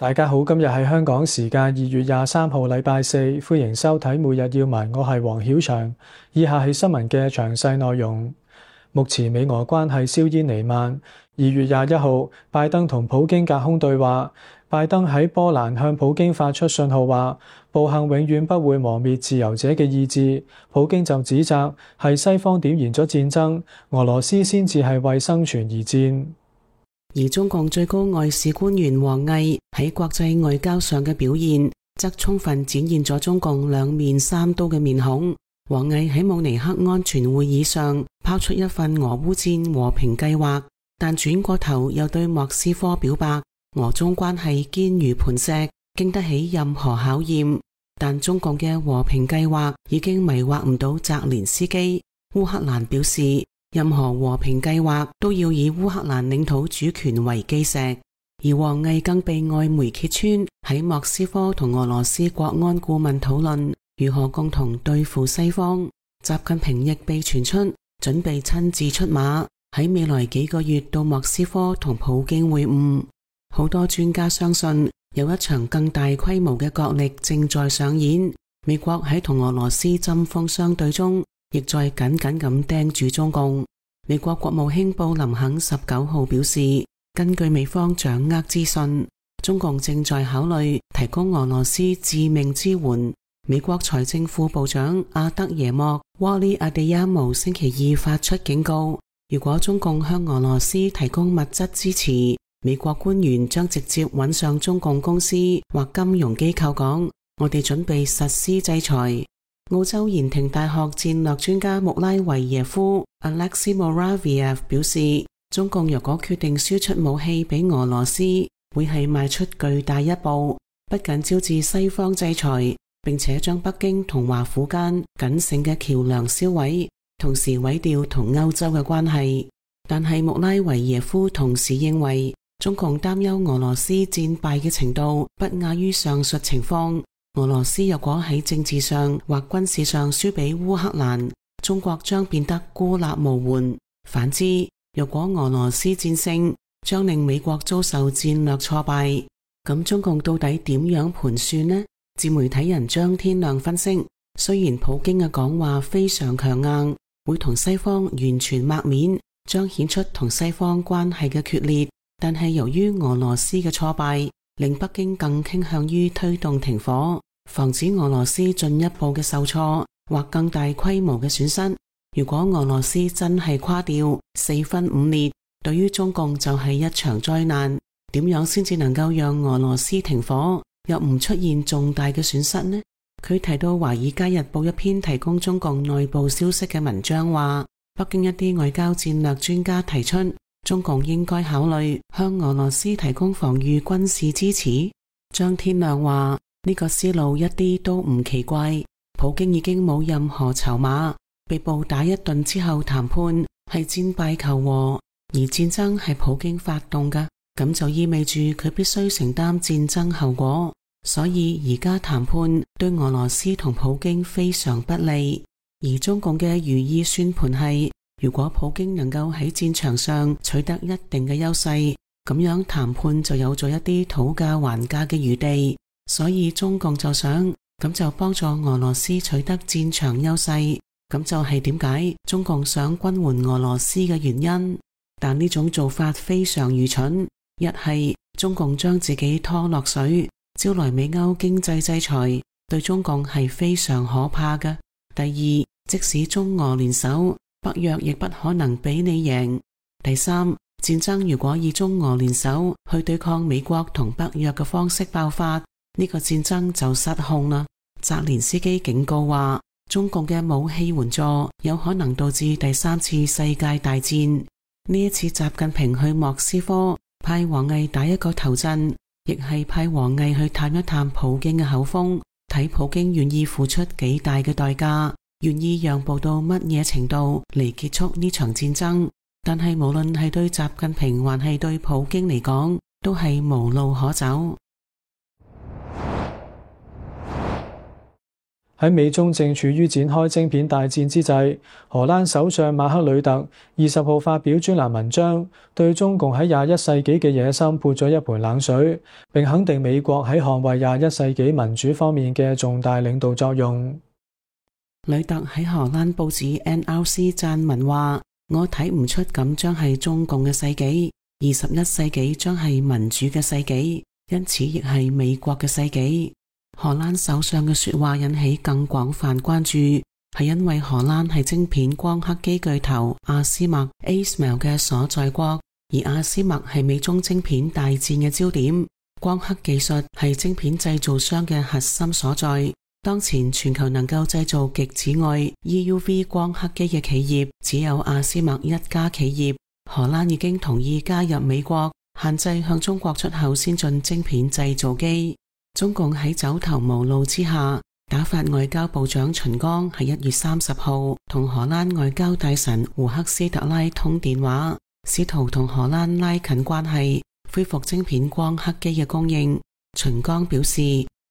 大家好，今日係香港時間二月廿三號，禮拜四，歡迎收睇每日要聞。我係黃曉翔，以下係新聞嘅詳細內容。目前美俄關係硝煙彌漫。二月廿一號，拜登同普京隔空對話。拜登喺波蘭向普京發出信號，話暴行永遠不會磨滅自由者嘅意志。普京就指責係西方點燃咗戰爭，俄羅斯先至係為生存而戰。而中共最高外事官員王毅。喺國際外交上嘅表現，則充分展現咗中共兩面三刀嘅面孔。王毅喺慕尼黑安全會議上拋出一份俄烏戰和平計劃，但轉過頭又對莫斯科表白，俄中關係堅如磐石，經得起任何考驗。但中共嘅和平計劃已經迷惑唔到澤連斯基。烏克蘭表示，任何和平計劃都要以烏克蘭領土主權為基石。而王毅更被外媒揭穿喺莫斯科同俄羅斯國安顧問討論如何共同對付西方，習近平亦被傳出準備親自出馬喺未來幾個月到莫斯科同普京會晤。好多專家相信有一場更大規模嘅角力正在上演。美國喺同俄羅斯針鋒相對中，亦在緊緊咁盯住中共。美國國務卿布林肯十九號表示。根據美方掌握資訊，中共正在考慮提供俄羅斯致命支援。美國財政副部長阿德耶莫 （Wally Adeyemo） 星期二發出警告，如果中共向俄羅斯提供物質支持，美國官員將直接搵上中共公司或金融機構，講我哋準備實施制裁。澳洲延廷大學戰略專家穆拉維耶夫 Alexey Muravyev 表示。中共若果決定輸出武器俾俄羅斯，會係邁出巨大一步，不僅招致西方制裁，並且將北京同華府間僅剩嘅橋樑銷毀，同時毀掉同歐洲嘅關係。但係穆拉維耶夫同時認為，中共擔憂俄羅斯戰敗嘅程度不亞於上述情況。俄羅斯若果喺政治上或軍事上輸俾烏克蘭，中國將變得孤立無援。反之，如果俄羅斯戰勝，將令美國遭受戰略挫敗，咁中共到底點樣盤算呢？自媒體人張天亮分析，雖然普京嘅講話非常強硬，會同西方完全抹面，彰顯出同西方關係嘅決裂，但係由於俄羅斯嘅挫敗，令北京更傾向於推動停火，防止俄羅斯進一步嘅受挫或更大規模嘅損失。如果俄羅斯真係垮掉，四分五裂，對於中共就係一場災難。點樣先至能夠讓俄羅斯停火，又唔出現重大嘅損失呢？佢提到《華爾街日報》一篇提供中共內部消息嘅文章，話北京一啲外交戰略專家提出，中共應該考慮向俄羅斯提供防禦軍事支持。張天亮話：呢個思路一啲都唔奇怪。普京已經冇任何籌碼。被暴打一頓之後談判係戰敗求和，而戰爭係普京發動嘅，咁就意味住佢必須承擔戰爭後果。所以而家談判對俄羅斯同普京非常不利。而中共嘅如意算盤係，如果普京能夠喺戰場上取得一定嘅優勢，咁樣談判就有咗一啲討價還價嘅餘地。所以中共就想咁就幫助俄羅斯取得戰場優勢。咁就係點解中共想軍援俄羅斯嘅原因，但呢種做法非常愚蠢。一係中共將自己拖落水，招來美歐經濟制裁，對中共係非常可怕嘅。第二，即使中俄聯手，北約亦不可能俾你贏。第三，戰爭如果以中俄聯手去對抗美國同北約嘅方式爆發，呢個戰爭就失控啦。澤連斯基警告話。中共嘅武器援助，有可能導致第三次世界大戰。呢一次，習近平去莫斯科派王毅打一個頭陣，亦係派王毅去探一探普京嘅口風，睇普京願意付出幾大嘅代價，願意讓步到乜嘢程度嚟結束呢場戰爭，但係無論係對習近平還係對普京嚟講都係無路可走。喺美中正處於展開晶片大戰之際，荷蘭首相馬克呂特二十號發表專欄文章，對中共喺廿一世紀嘅野心潑咗一盆冷水，並肯定美國喺捍衛廿一世紀民主方面嘅重大領導作用。呂特喺荷蘭報紙 NRC 撰文話：我睇唔出噉將係中共嘅世紀，二十一世紀將係民主嘅世紀，因此亦係美國嘅世紀。荷蘭首相嘅說話引起更廣泛關注，係因為荷蘭係晶片光刻機巨頭阿斯麥 （ASML） 嘅所在國，而阿斯麥係美中晶片大戰嘅焦點。光刻技術係晶片製造商嘅核心所在。當前全球能夠製造極紫外 （EUV） 光刻機嘅企業只有阿斯麥一家企業。荷蘭已經同意加入美國，限制向中國出口先進晶片製造機。中共喺走投無路之下，打發外交部長秦剛喺一月三十號同荷蘭外交大臣胡克斯特拉通電話，試圖同荷蘭拉近關係，恢復晶片光刻機嘅供應，秦剛表示，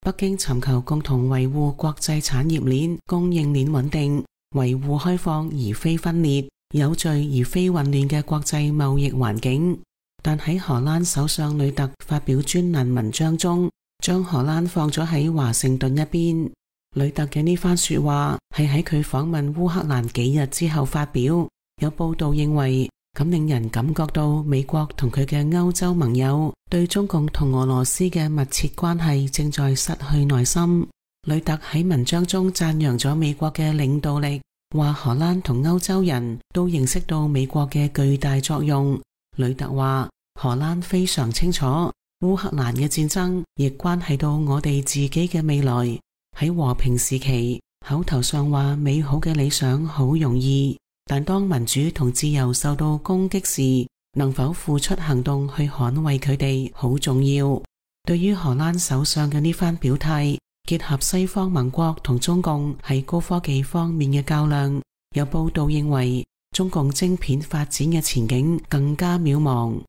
北京尋求共同維護國際產業鏈供應鏈穩定，維護開放而非分裂、有序而非混亂嘅國際貿易環境。但喺荷蘭首相呂特發表專欄文章中，將荷蘭放咗喺華盛頓一邊，呂特嘅呢番說話係喺佢訪問烏克蘭幾日之後發表。有報道認為，咁令人感覺到美國同佢嘅歐洲盟友對中共同俄羅斯嘅密切關係正在失去耐心。呂特喺文章中讚揚咗美國嘅領導力，話荷蘭同歐洲人都認識到美國嘅巨大作用。呂特話，荷蘭非常清楚。烏克蘭嘅戰爭亦關係到我哋自己嘅未來。喺和平時期，口頭上話美好嘅理想好容易，但當民主同自由受到攻擊時，能否付出行動去捍衛佢哋好重要。對於荷蘭首相嘅呢番表態，結合西方盟國同中共喺高科技方面嘅較量，有報道認為中共晶片發展嘅前景更加渺茫。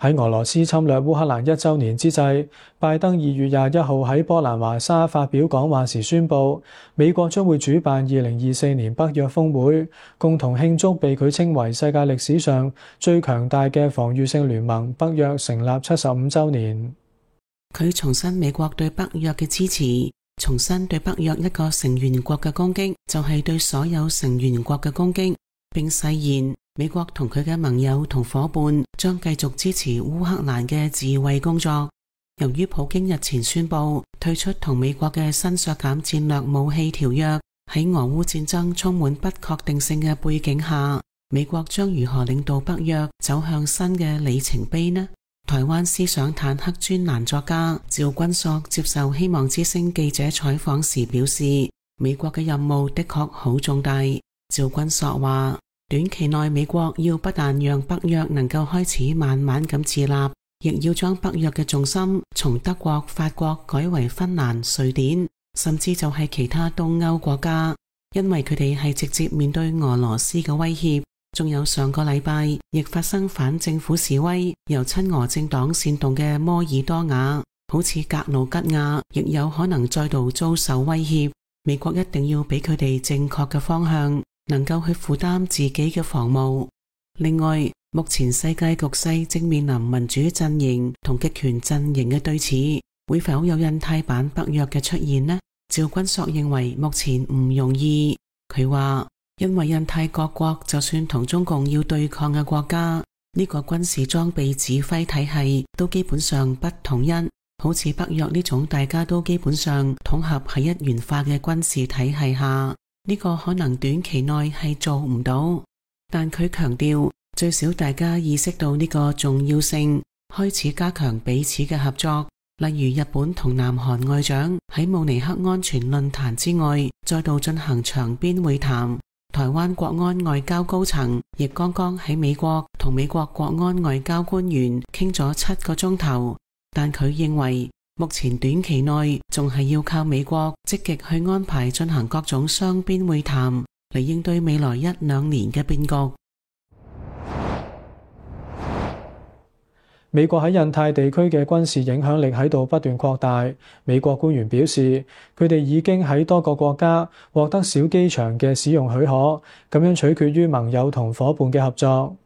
喺俄羅斯侵略烏克蘭一周年之際，拜登二月廿一號喺波蘭華沙發表講話時宣布，美國將會主辦二零二四年北約峰會，共同慶祝被佢稱為世界歷史上最強大嘅防禦性聯盟北約成立七十五周年。佢重申美國對北約嘅支持，重申對北約一個成員國嘅攻擊就係、是、對所有成員國嘅攻擊，並誓言。美國同佢嘅盟友同伙伴將繼續支持烏克蘭嘅自衛工作。由於普京日前宣布退出同美國嘅新削減戰略武器條約，喺俄烏戰爭充滿不確定性嘅背景下，美國將如何領導北約走向新嘅里程碑呢？台灣思想坦克專欄作家趙君朔接受希望之聲記者採訪時表示：美國嘅任務的確好重大。趙君朔話。短期內，美國要不但讓北約能夠開始慢慢咁自立，亦要將北約嘅重心從德國、法國改為芬蘭、瑞典，甚至就係其他東歐國家，因為佢哋係直接面對俄羅斯嘅威脅。仲有上個禮拜，亦發生反政府示威，由親俄政黨煽動嘅摩爾多瓦，好似格魯吉亞，亦有可能再度遭受威脅。美國一定要俾佢哋正確嘅方向。能夠去負擔自己嘅防務。另外，目前世界局勢正面臨民主陣營同極權陣營嘅對峙，會否有印太版北約嘅出現呢？趙君碩認為目前唔容易。佢話，因為印太各國就算同中共要對抗嘅國家，呢、這個軍事裝備指揮體系都基本上不統一，好似北約呢種大家都基本上統合喺一元化嘅軍事體系下。呢個可能短期內係做唔到，但佢強調最少大家意識到呢個重要性，開始加強彼此嘅合作。例如日本同南韓外長喺慕尼黑安全論壇之外，再度進行場邊會談。台灣國安外交高層亦剛剛喺美國同美國國安外交官員傾咗七個鐘頭，但佢認為。目前短期內仲係要靠美國積極去安排進行各種雙邊會談嚟應對未來一兩年嘅變局。美國喺印太地區嘅軍事影響力喺度不斷擴大。美國官員表示，佢哋已經喺多個國家獲得小機場嘅使用許可，咁樣取決於盟友同夥伴嘅合作。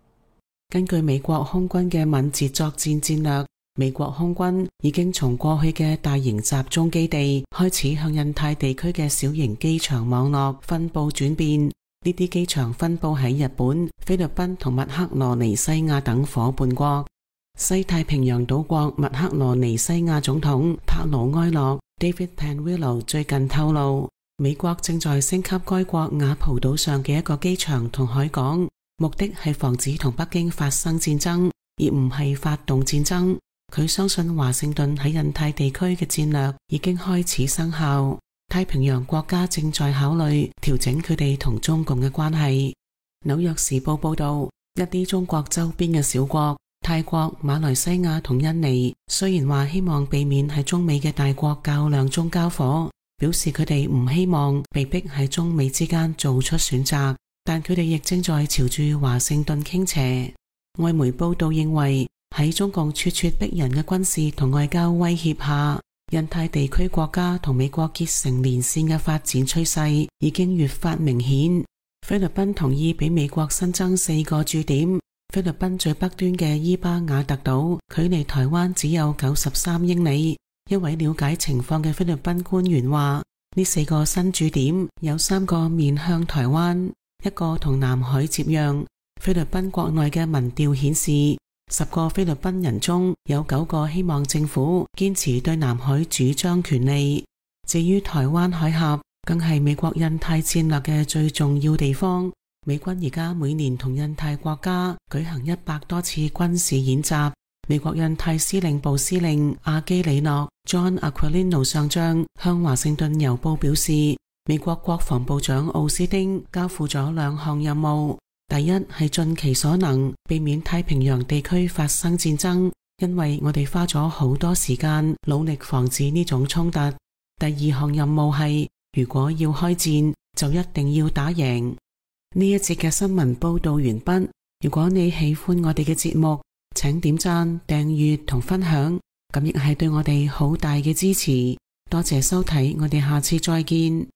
根據美國空軍嘅敏捷作戰戰略，美國空軍已經從過去嘅大型集中基地開始向印太地區嘅小型機場網絡分布轉變。呢啲機場分布喺日本、菲律賓同密克羅尼西亞等夥伴國。西太平洋島國密克羅尼西亞總統帕羅埃洛 （David p a n w i l l o w 最近透露，美國正在升級該國瓦蒲島上嘅一個機場同海港，目的係防止同北京發生戰爭，而唔係發動戰爭。佢相信華盛頓喺印太地區嘅戰略已經開始生效，太平洋國家正在考慮調整佢哋同中共嘅關係。紐約時報報道，一啲中國周邊嘅小國，泰國、馬來西亞同印尼，雖然話希望避免喺中美嘅大國較量中交火，表示佢哋唔希望被逼喺中美之間做出選擇，但佢哋亦正在朝住華盛頓傾斜。外媒報道認為，喺中共咄咄逼人嘅軍事同外交威脅下，印太地區國家同美國結成連線嘅發展趨勢已經越發明顯。菲律賓同意俾美國新增四個駐點。菲律賓最北端嘅伊巴雅特島，距離台灣只有九十三英里。一位了解情況嘅菲律賓官員話：呢四個新駐點有三個面向台灣，一個同南海接壤。菲律賓國內嘅民調顯示，十個菲律賓人中有九個希望政府堅持對南海主張權利。至於台灣海峽，更係美國印太戰略嘅最重要地方。美軍而家每年同印太國家舉行一百多次軍事演習。美國印太司令部司令阿基里諾 （John Aquilino） 上將向華盛頓郵報表示，美國國防部長奧斯汀交付咗兩項任務。第一係盡其所能避免太平洋地區發生戰爭，因為我哋花咗好多時間努力防止呢種衝突。第二項任務係，如果要開戰，就一定要打贏。呢一節嘅新聞報道完畢。如果你喜歡我哋嘅節目，請點讚、訂閱同分享，咁亦係對我哋好大嘅支持。多謝收睇，我哋下次再見。